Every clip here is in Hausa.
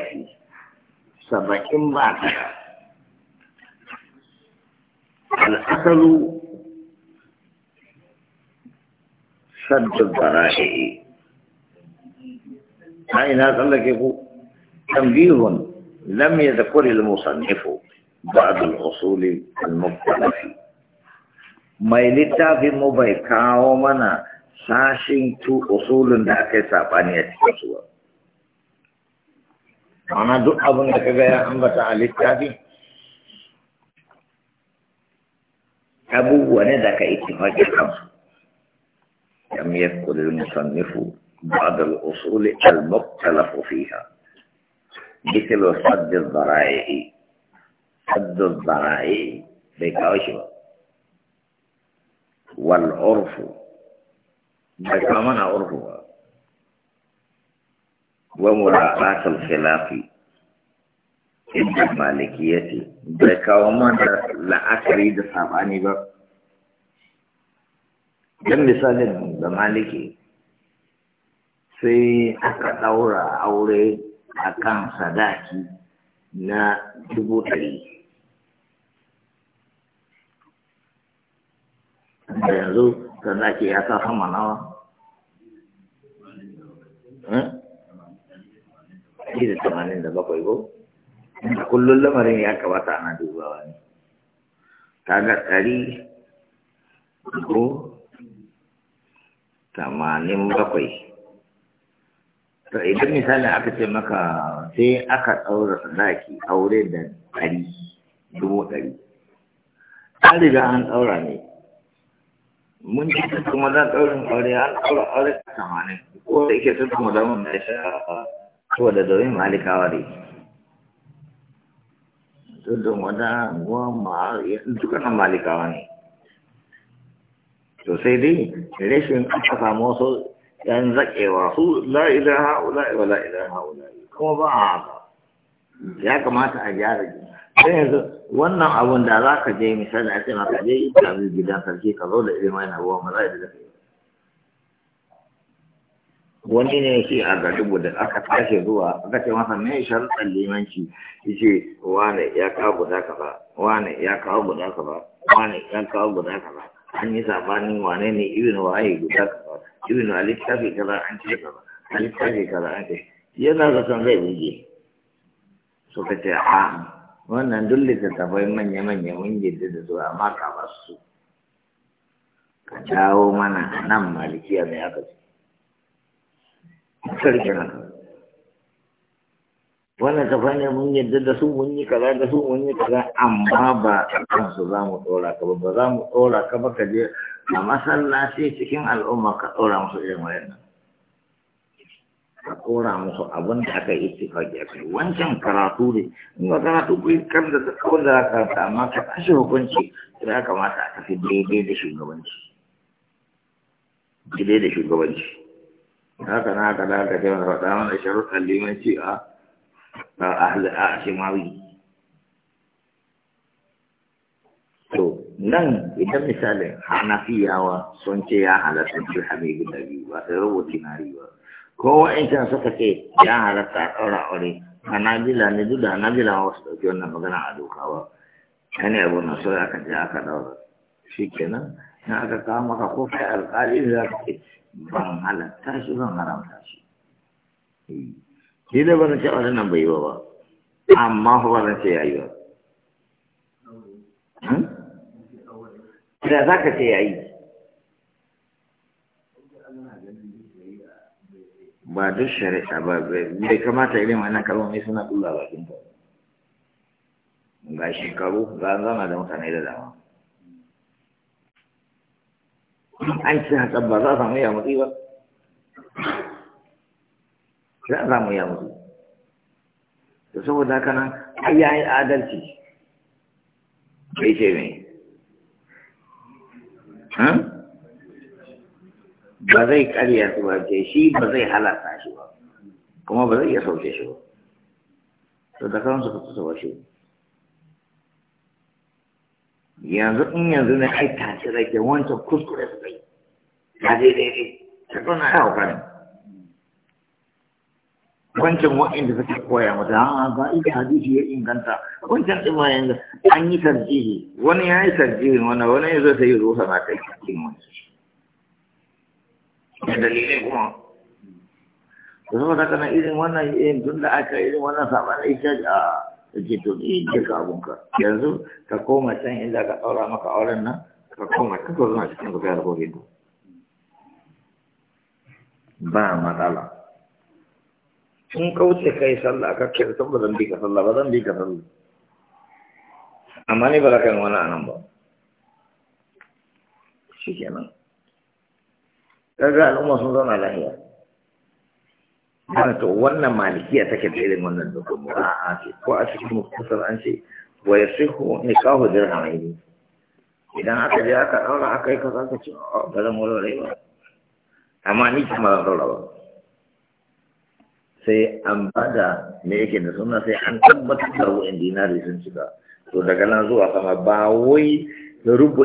ɗari saba'in ba ɗaya al'asalu saddun bara'i a ina tsallake ku tambihun لم يذكر ba بعد الأصول المبتلى فيه mai littafin mu bai kawo mana sashin tu usulun da aka yi saɓani a cikin suwar ma'ana duk abin da ka gaya ambata a littafi abubuwa ne da ka ittifaki kansu لم يذكر المصنف بعض الأصول المختلف فيها مثل صد الضرائع صد الضرائع بكاشفة والعرف بكامنا عرفها ومراعاه الخلاف عند المالكيه بكا ومن لا اكري دساباني با دم مثال المالكي سي اكا دورا اوري اكام صداكي نا دبوتري yanzu sannan ke ya sa sama nawa? ɗari da tamanin da bakwai ko a kullum lamarin ya kamata ana dubawa ne kaga ɗari ko tamanin bakwai to idan misali aka ce maka sai aka ɗaura sadaki aure da ɗari dubu ɗari an riga an ɗaura ne mun ji ta kuma za ɗaurin aure an ɗaura aure da tamanin ko da ike ta kuma zama mai sha'a saboda domin malikawa ne tudun wata goma dukkanin malikawa ne to sai dai rashin aka samu wasu yan zaƙewa su la'ila ha'ula wa la'ila ha'ula kuma ba a haka ya kamata a gyara gina sai yanzu wannan abun da za ka je misali a ce maka je yi gidan sarki ka zo da ilimin abuwa ma za a yi da kai wani ne shi a gadubu da aka tashi zuwa aka ce masa me sharuɗan limanci ce wane ya kawo guda ba wane ya kawo guda ba wane ya kawo guda ba an yi sabanin wane ne irin waye guda kaza ibn ali kafi kaza an ce kaza A kafi kaza an ce yana zaton zai buge ka ce a wannan duk littattafai manya-manya mun yadda da zuwa amma ka ba su ka dawo mana nan malikiya mai aka ce sarki haka wannan kafa ne mun yadda da su mun yi kaza da su mun yi kaza amma ba a kansu za mu tsora, ka ba ba za mu tsora ka ba ka je a masallaci cikin al'umma ka tsora musu irin nan, ka tsora musu abin da aka yi ittifaqi a kai wancan karatu ne in ba karatu ku kan da kawai da za ka amma ka tashi hukunci ya kamata a tafi daidai da shugabanci daidai da shugabanci haka na haka da haka ta wani faɗa mana sharuɗan limanci a a shimawi to nan idan misalin hanafiyawa sun ce ya halatta dirhami guda biyu ba sai rubuta nari ba ko wa'ancan suka ce ya halatta a ɗaura aure hanabila ne duk da hanabila ma wasu ɗauki wannan magana a doka ba ne abu na sauya aka je aka ɗaura shi kenan na aka kawo maka ko kai alƙali za ka ce ban halatta shi ban haramta shi shi nan bai yi ba amma ba na ce yayi ba hmm? da za ka ce ba duk shari'a ba bai kamata irin wannan kalmomi suna kula bakin ta ga shekaru ga zama da mutane da dama an ci haka ba za a samu ya ba za a samu ya da saboda haka nan ai ya yi adalci bai ce mai ba zai karya su ba ce shi ba zai halata shi ba kuma ba zai iya sauke shi ba to da kansu su tusa sauke shi ba yanzu in yanzu ne ai tashi rage wancan kuskure su kai ya je daidai ta zauna ya hauka ne wancan wa'inda suke koya mata a ah, ba ita hadisi ya inganta wancan ɗin yanzu an yi tarjihi wani ya yi tarjihi wani wani ya zo yi rusa na kai cikin wani da dalilai kuma da saboda kana irin wannan yin eh, tun da aka irin wannan saɓanin ita a ah, da ke to ɗi eh, duka abunka yanzu ka koma can inda ka ɗaura maka auren nan ka koma ka ko zuwa cikin kuka da kofi ba matsala in kauce kai sallah ka kira san ba zan bi ka sallah ba zan bi ka sallah amma ni ba za ka yi wani anan ba shi kenan kaga al'umma sun zauna lahiya ana to wannan malikiya take da irin wannan dukkan a ce ko a cikin muktasar an ce wa yasihu nikahu dirhamaini idan aka je aka aura aka yi ka ka ce oh, ba zan warware ba amma ni kuma zan daura ba sai an bada me yake da suna sai an tabbatar da rubu'in dinari sun cika to daga nan zuwa sama ba wai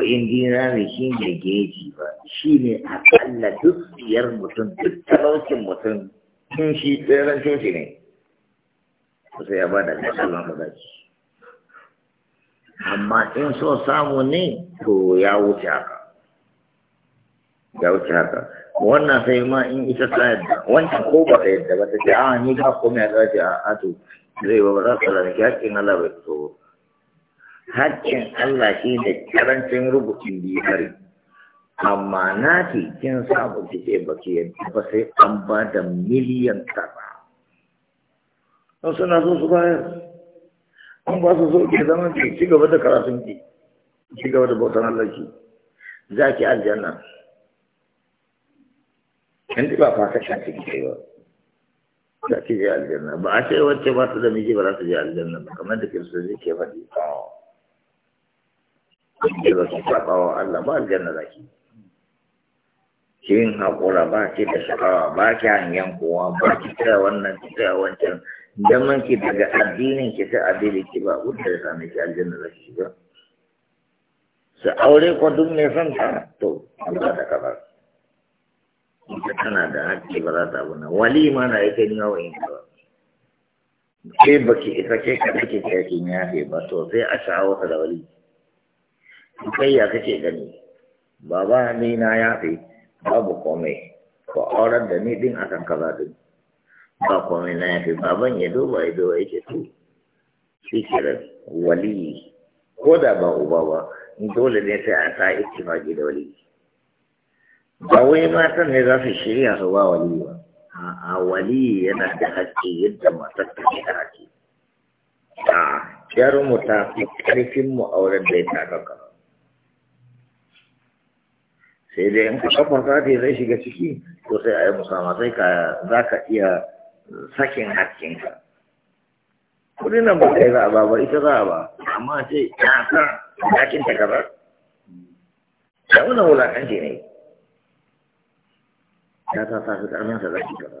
indira ne shi ne geji ba shi ne akalla duk siyar mutum duk talaucin mutum in shi tseren coci ne sai ya ba da ba shi. amma in so samu ne to ya wuce haka ya wuce haka wannan sai ma in ita ta yadda wancan ko ba ta yadda ba ta ce a ah, ni ba komai a zafi a ato zai ba ba za ka lalaki haƙƙin Allah bai so haƙƙin Allah shi ne karancin rubutun kare. amma na ce kin samu kike baki yanzu ba sai an ba da miliyan tara don suna so su bayar an ba su so ke zama ke ci gaba da karatun ki ci gaba da bautan Allah za ki aljanna in ba ka kan ki kai ba za ki je aljanna ba a ce wacce ba ta da miji ba za ta je aljanna ba kamar da kiristoci ke faɗi ba ki ba ki saɓa wa Allah ba aljanna za ki kin haƙura ba ki da sha'awa ba ki hangen kowa ba ki tsaya wannan ki tsaya wancan zaman ki daga addinin ki ta addinin ki ba wanda ya same ki aljanna za ki shiga su aure ko duk mai son ta to Allah da kaza ita tana da haƙƙi ba za ta abu na wali ma na ita ni yawa in ka ba ke ba ki isa ke ka kake kai kin yafe ba to sai a shawo ka da wali kai ya kake gani baba ni na yafe babu komai ko auren da ni din akan kaza din ba komai na yafi baban ya duba ido ya duba yake to shi kiran wali ko da ba uba ba dole ne sai a sa ittifaqi da wali ba wai matan ne za su shirya su ba wali ba a wali yana da hakki yadda matar ta da hakki a yaron mu ta fi karfin mu auren da ya ta sai dai in ka zai shiga ciki to sai a yi musama sai ka za ka iya sakin hakkinka kudin nan ba kai za a ba ba ita za a ba amma sai ya san hakkin ta kaza da wannan wulakanci ne ya ta sa su karfin sa zaki kaza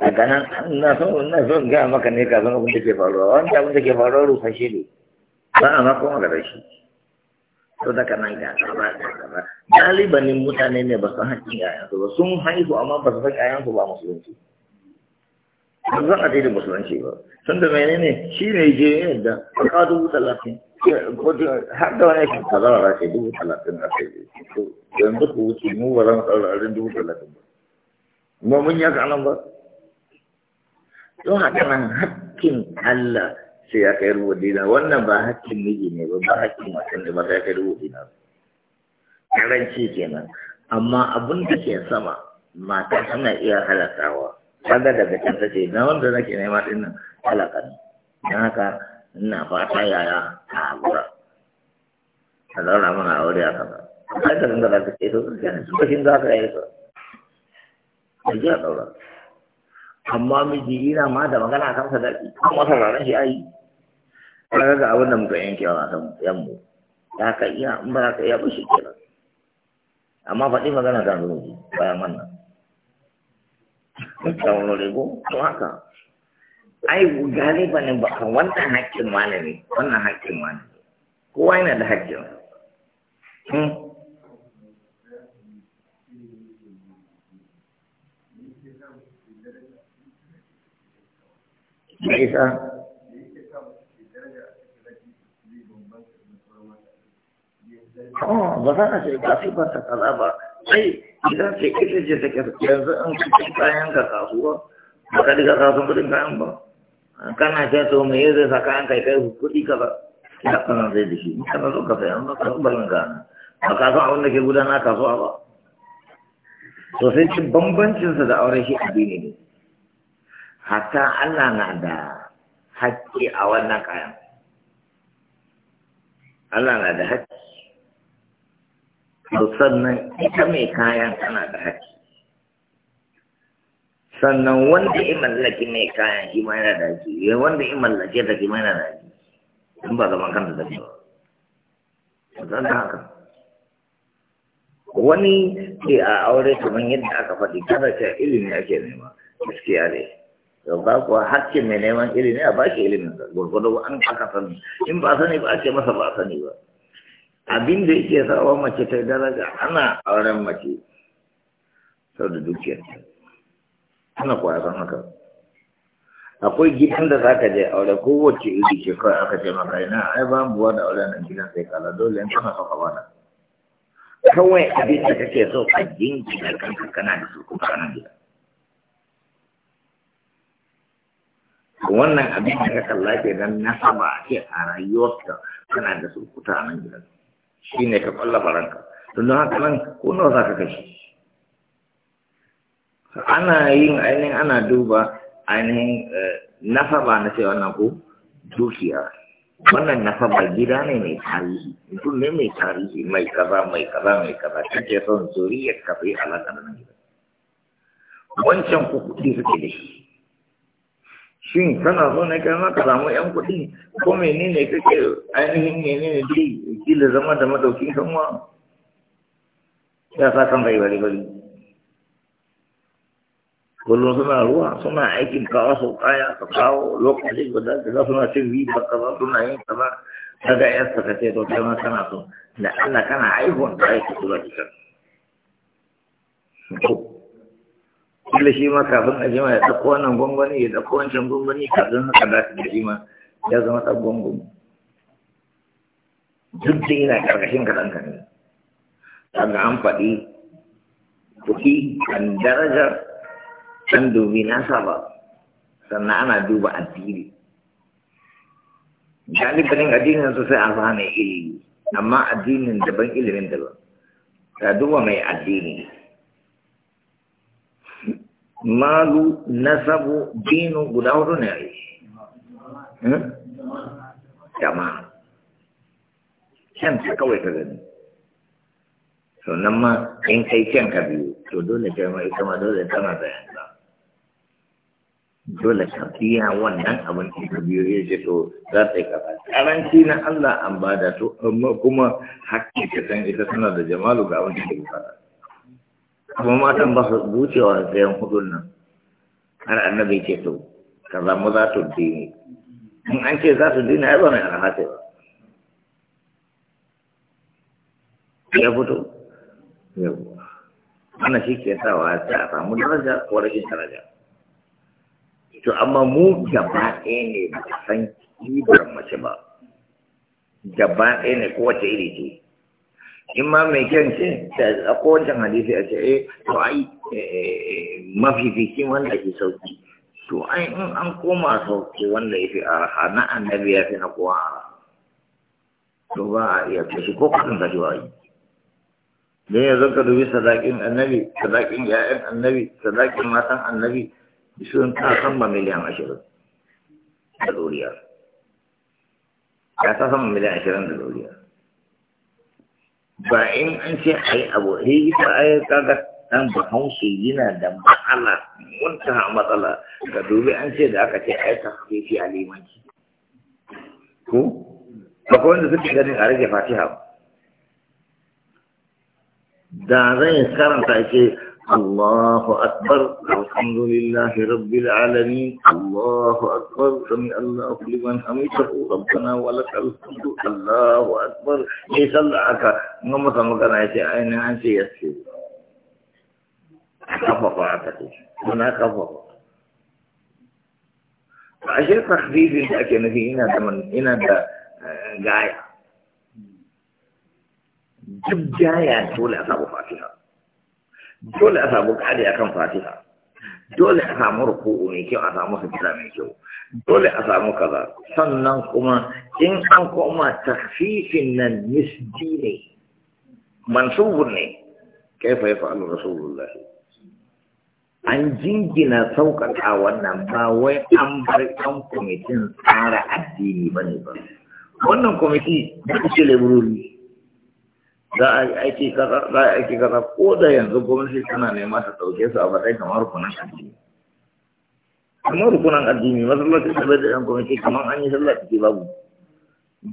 daga nan na so na so ga maka ne ka abin da ke faruwa wanda abin da ke faruwa rufashe ne ba a maka magana shi to daga nan ga gaba gaba galibanin mutane ne ba su haƙƙin yayansu ba sun haihu amma ba su san yayansu ba musulunci ba zan addinin musulunci ba tun da menene shi ne je yadda ka dubu talatin har da wani shi kaza ba sai dubu talatin da sai to yanzu ku wuce mu ba zan tsararin dubu talatin ba mu mun yaka nan ba don haka nan hakkin Allah sai ya kai ruwa dina wannan ba hakkin miji ne ba ba hakkin mutum ne ba ta kai ruwa dina karanci kenan amma abin da ke sama mata suna iya halakawa wanda daga can ta ce na wanda nake nema din nan halaka ne don haka ina fata yaya a gura a zaura mana wuri a kasa ai da ringa za ta ce to kan shi za ka yi ka a ji a ɗaura amma miji ina ma da magana kan da kan wata ranar shi ayi kaga ga abin da muka yanke wa kan yan mu ya ka iya in ba ka iya ba shi kenan amma faɗi magana kan zuwa bayan wannan ta wani ko to haka ai gani ba ne wannan hakkin malami wannan hakkin malami kowa yana da hakkin. Hmm? da isa Oh, ba za a ce ba su ba ta kaza ba. Sai idan ce ita ce take yanzu an kuɗin kayan ka kasuwa, ba ka diga kasuwan kuɗin kayan ba. Kana ce to me zai sa kayan kai kai kuɗi ka ba. Ya kana zai da shi, in kana so ka sayan ba ka barin gana. Ba ka san abin da ke gudana kasuwa ba. To sai ce bambancinsa da auren shi addini ne. hatta Allah na da haƙƙi a wannan kayan Allah na da haƙƙi sannan ita mai kayan tana da haƙƙi sannan wanda ya mallaki mai kayan ima yana da haƙƙi eh, wanda ya mallake ta ima yana da haƙƙi in ba zaman kanta da ba zan da haka wani ke a aure kamar yadda aka faɗi kada ce ilimi ake nema gaskiya ne yau ba kuwa hakkin mai neman ilimi a baki ilimin gwargwado an aka sani in ba sani ba ake masa ba sani ba abin da yake sawa mace ta daraja ana auren mace sau da dukiyar ana san haka akwai gidan da za ka je aure kowace iri ce kawai aka ce maka ina ai ba buwa da aure nan gidan sai kala dole in kana kafa bana kawai abin da kake so a jinki da kanka kana da su kuma kana gida wannan abin da ka kalla ke nan na saba a ce a rayuwarka kana da surkuta a nan gidan shi ne ka kwalla baranka don haka nan ko nawa za ka kashe ana yin ainihin ana duba ainihin eh, ba na ce wannan ko dukiya wannan ba gida ne mai tarihi mutum ne mai tarihi mai kaza mai kaza mai kaza kake son zuriyar kafai sai alaƙar nan wancan kuɗi suke da shi shin kana so ne kai ma ka samu yan kuɗi ko menene kake ainihin menene dai kila zama da madaukin kanwa ya sa kan bai bari bari kullum suna ruwa suna aikin kawo sau kaya ka kawo lokaci guda da za suna cin riba ba ba suna yin ka daga yan saka ce to kai ma kana so da Allah kana aihuwan da aiki su ba kan kila shi ma kafin a jima ya ɗauko wannan gwangwani ya ɗauko wancan gwangwani kafin haka da shi shi ma ya zama ɗan gwangwani duk da yana ƙarƙashin kaɗan ka ne kaga an faɗi kuɗi kan darajar an dubi nasa ba sannan ana duba addini galibin addinin su sai alfa ilimi amma addinin daban ilimin daban ka duba mai addini malu nasabu dinu guda hudu ne ai hmm? jama'a kyanta kawai ka gani nan ma in kai kyanka biyu to dole kai ma ita ma dole tana da yanzu dole ka biya wannan abin da ka biyo ya ce to za ta yi kaza karanci na Allah an bada to amma kuma hakki ka san ita tana da jamalu ga abin da ke bukata kuma matan ba su bucewa sayan hudun nan har annabi ce to ka mu za su dini in an ce za su dini ai ba mai arha ce ba ya fito yawwa Ana shi ke wa ta a samu daraja ko rashin daraja to amma mu gaba ɗaya ne ba san kibar mace ba gaba ɗaya ne kowace iri ce in ma mai kyan ce da kowace hadisi a ce eh to ai eh, eh, mafificin wanda ke sauki to ai in an koma sauki wanda ya fi araha na annabi ya fi na kowa araha to ba a iya shi ko kudin kashi shi wayi don yanzu ka dubi sadakin annabi sadakin ya'yan annabi sadakin matan annabi sun ta san ba miliyan ashirin da doriya ya ta san miliyan ashirin da doriya ba in an ce a yi abu he ita a yi kaga bahaushe yana da matsala munta matsala ga dubi an ce da aka ce a yi tafifi a limanci ko akwai wanda suke ganin a rage fatiha da zan karanta ake. الله أكبر الحمد لله رب العالمين الله أكبر سمع الله لمن حمده ربنا ولك الحمد الله أكبر ليس لك نما سمعنا أي أين أنت يسير خفف عبدي هنا خفف عشان تخفيف اكيد في هنا تمن هنا ده جاية جب جاية تقول أصابه فاتحة dole a samu kare akan fatiha dole a samu ruku'u mai kyau a samu sujjira mai kyau dole a samu kaza sannan kuma in an koma tafifin nan nisbi ne mansubu ne kaifa Allah rasulullah an jingina sauƙaƙa wannan ba wai an bar ɗan kwamitin tsara addini ba ne ba wannan kwamiti da ke leburori za a yi aiki kaza za a aiki kaza ko da yanzu gwamnati tana nema ta ɗauke su a matsayin kamar rukunan addini kamar rukunan addini masallacin da bai da yan gwamnati kamar an yi sallah ciki babu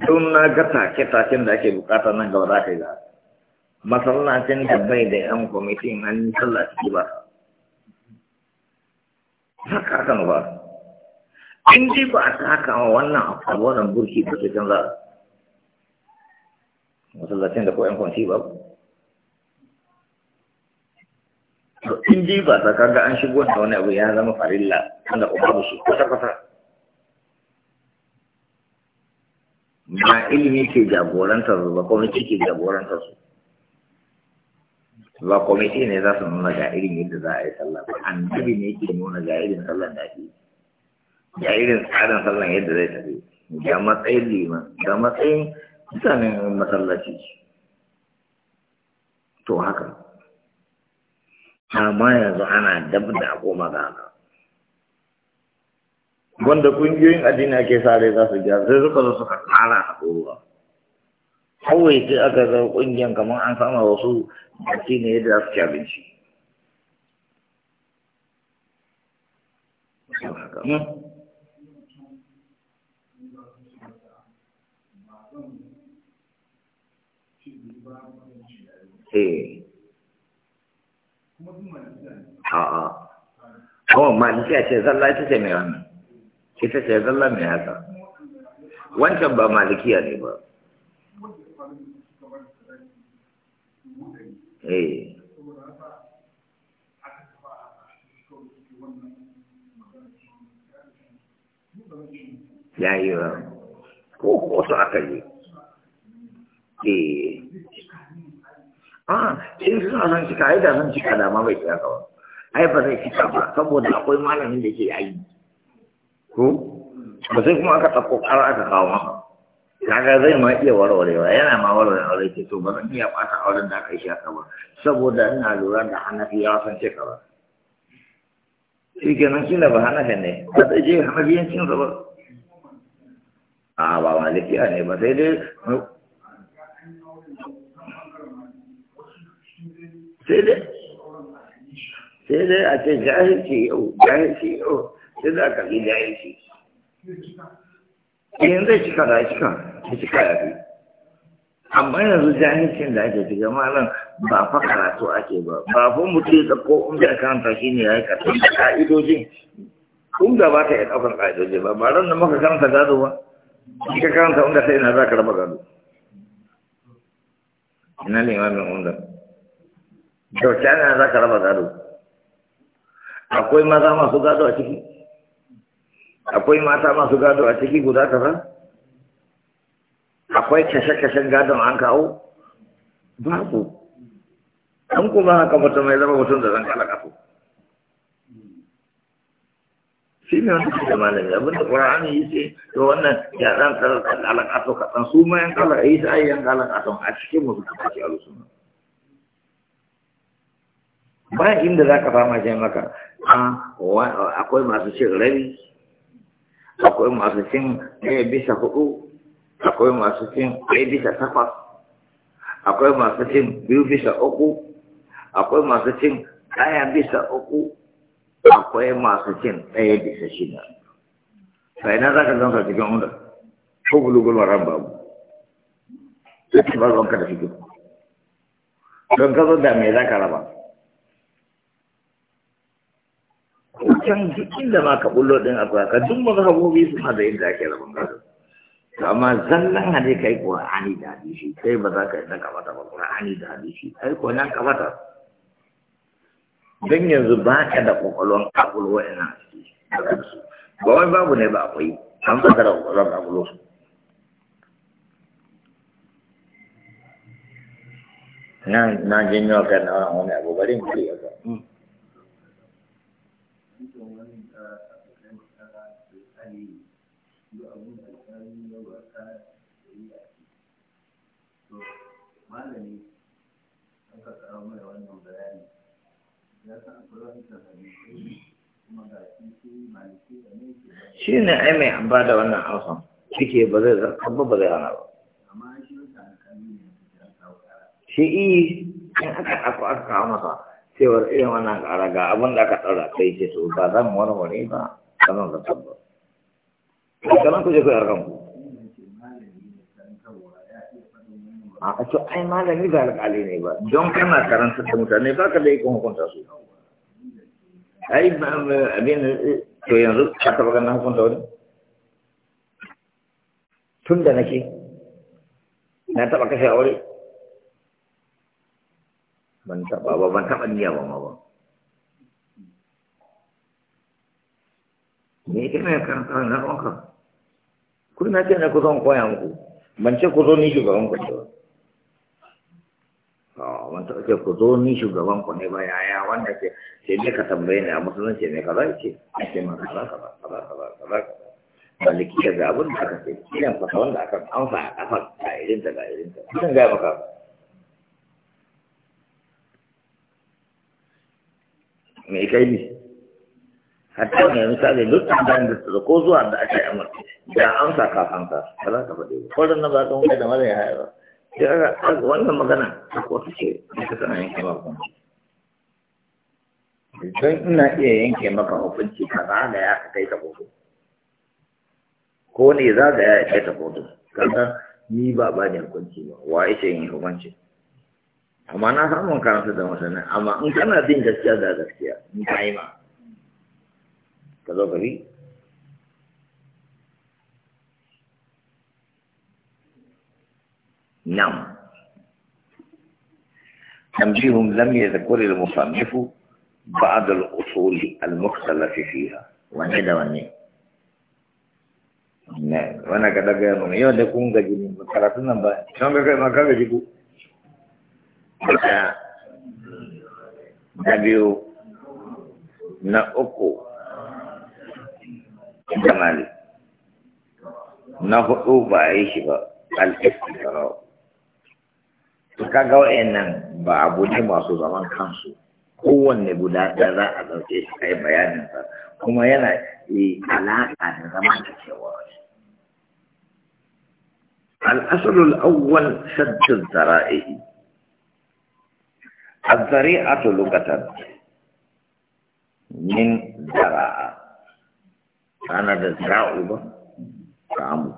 don na ga take-taken da ake bukata nan gaba za ka yi za masallacin da bai da yan kwamitin an yi sallah ciki ba haka kan ba in ji ba a taka wa wannan burki ba su canza masallacin da ko yan kwanci ba in ji ba ta kaga an shigo da wani abu ya zama farilla wanda umaru shi kwata-kwata ba ilimi ke jagorantar su ba kwamiti ke jagorantar su ba kwamiti ne za su nuna ga irin yadda za a yi sallah ba annabi ne ke nuna ga irin sallah da ake ga irin tsarin sallah yadda zai tafi ga matsayin liman ga matsayin mutanen masallaci to haka amma yanzu ana dab da ko magana wanda kungiyoyin addini ake sare za su gyara sai suka zo suka tsara a ɗoruwa kawai sai aka ga kungiyan kamar an sama wasu baki ne yadda za su ci abinci hmm? eh a'a ko oh, malikiya ce zalla ita ce mai wannan ita ce zalla mai haka wancan ba malikiya ne ba eh ya yi ko ko su aka yi eh a in suna son cika ai da son cika da ma bai cika ba ai ba zai cika ba saboda akwai malamin da ke ayi ko ba sai kuma aka ɗauko ƙara aka kawo maka kaga zai ma iya warwarewa yana ma warwarewa zai ce to ba zan iya ɓata auren da aka yi shaka ba saboda ina lura da hanafi ya san cika ba shi kenan shi da ba hanafi ne ba zai je hanafiyancin ba a ba malikiya ne ba sai dai sai dai sai dai a ce jahilci yau jahilci yau sai za ka bi jahilci in zai cika da cika ya cika ya fi amma yanzu jahilcin da ake shiga malam ba fa karatu ake ba ba fa mutum da ko umar karanta shi ne ya yi karatu da ka'idojin kun da ba ta yi ɗaukar ka'idojin ba ba ran da muka karanta gado ba ka karanta umar sai ina za ka raba gado ina ne wannan umar To wacce ana za ka raba gado akwai mata masu gado a ciki akwai mata masu gado a ciki guda kaza akwai kashe-kashen gado an kawo babu an kuma haka mutum mai zama mutum da zan kala kafu shi ne wanda ke da malami abinda ƙura'ani yi ce to wannan ya zan tsara kala kafu kaɗan su ma yan kala a yi sa'ayi yan kala kafu a cikin musu kafa ke alusunan ba inda za ka fama shi maka akwai masu cin rabi akwai masu cin ɗaya bisa hudu akwai masu cin ɗaya bisa takwas akwai masu cin biyu bisa uku akwai masu cin ɗaya bisa uku akwai masu cin ɗaya bisa shida sai na za ka zanka cikin wanda ko gulugulwar ran babu ba zonka da cikin don ka zo da me za ka raba can duk inda ma ka bullo din akwai ka duk mazhabobi su ma da yadda ake rabon gado amma zallan hade kai ani da hadisi kai ba za ka yadda ka mata ba ani da hadisi ai ko nan ka mata dan yanzu ba ka da kokolon kabul wa'ina ba wai babu ne ba akwai an ka da kokolon kabul na na jinyo na wani abu bari mu yi ba tsakanin gabata da yi to malami an ka mai wannan bayani ya san akwai wani kuma ga shi maliki da ne ke shi ne ai mai an ba da wannan alfan shike ba zai zarkar ba ba zai hana ba amma shi wata alƙali ne da kawo kara shi in aka ɗauko aka kawo masa cewar irin wannan ƙara ga abin da aka ɗaura kai ce to ba zan warware ba kanan ku je ku yarkan ku a to ai malami ba alƙali ne ba don kana karanta da mutane ba ka da ikon hukunta su ai abin to yanzu ka taɓa ganin hukunta wani tun da nake na taɓa kashe aure ban taɓa ba ba ma ba me yake mai karanta na ɗaukar ku na ce na kusan koya muku ban ce ku zo ni shugaban ku ne ba ah, ban ta ce ku zo ni shugaban ku ne ba yaya wanda ke ce ne ka tambaye ne? a musulunci ne zai ce a ce ma ka kaza ka kaza ka maliki ka ga abin da ka ce irin fasa wanda aka amsa a kafa ga irin ta ga irin ta zan gaya maka me kai ne hatta mai misali duk tambayan da su ko zuwa da aka yi da amsa saka amsa ba za ka faɗi ba kwanan na ba ka muka da mara ya ba. sai aka wannan magana ko kotu ce ita tana yanke ba kuma don ina iya yanke maka hukunci ka da ya ka kai ta kotu ko ne zaga ya kai ta kotu kanta ni ba ba ne hukunci ba wa yake yin hukunci amma na samun karanta da mutane amma in kana bin gaskiya da gaskiya in ka yi ma ka zo نعم تنبيه لم يذكر المصنف بعض الأصول المختلف فيها وانهدا نعم وانا كذا كذا من يو ده كذا جاي من كراتنا با شلون كده ما كذا جي da na hudu ba a yi shi ba al-istisara kaga wa'annan ba abu ne masu zaman kansu kowanne guda ɗaya za a ɗauke shi kai bayanin sa, kuma yana alaƙa da zama da cewa al'asalul awwal shaddin zara'ihi الزريعة لغة من زرع أنا ذراع طعام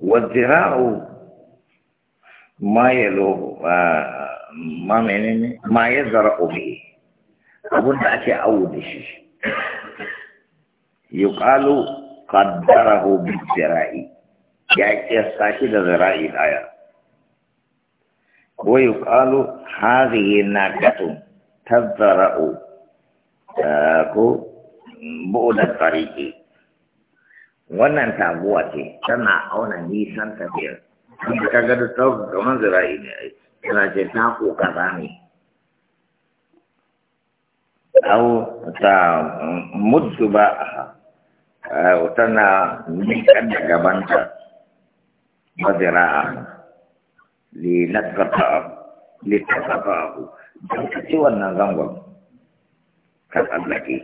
والذراع ما يلو آه، ما منين ما يزرع به أبون أكي أول شيء يقال قدره بالذراع يعني يستاكد ذراع الآية ويقال هذه ناقة تزرع آه buɗar tariki wannan tabuwa ce tana auna nisan tafiyar inda ka ga tsawon kamar zira'i ne tana ce ta ko kaza au ta ba tana nisan da gabanta ba zira'a li nakata li takata ku don ka ci wannan zangon ka tsallake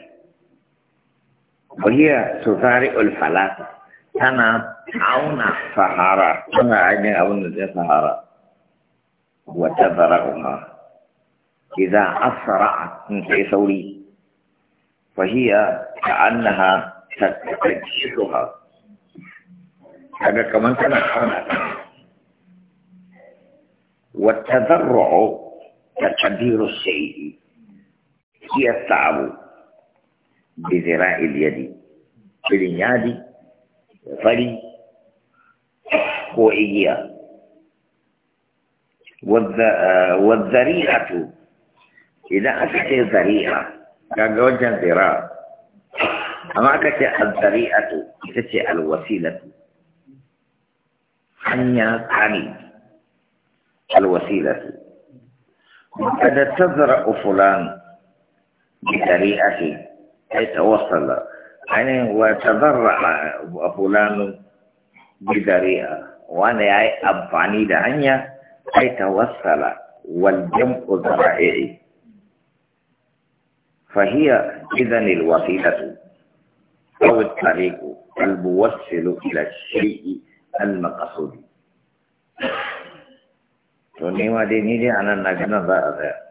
وهي تضارع الفلاسة تنا عون الصحارى تنا عين عون الصحارى وتضرعها إذا أسرعت من في ثوري وهي كأنها تجيشها هذا كمان كان عون والتذرع كتدبير الشيء هي التعب بذراع اليد بالنياد فري قوئية آه، والذريعة إذا أتت الذريعة كان وجه الذراع أما أتت الذريعة أتت الوسيلة حنيا حني الوسيلة وقد تزرع فلان بذريعته يتوصل يعني وتضرع فلان بذريعة وأنا أي أبعني دعني أي توصل والجمع ذرائعي فهي إذا الوسيلة أو الطريق الموصل إلى الشيء المقصود. توني ديني دي أنا نجنا ذا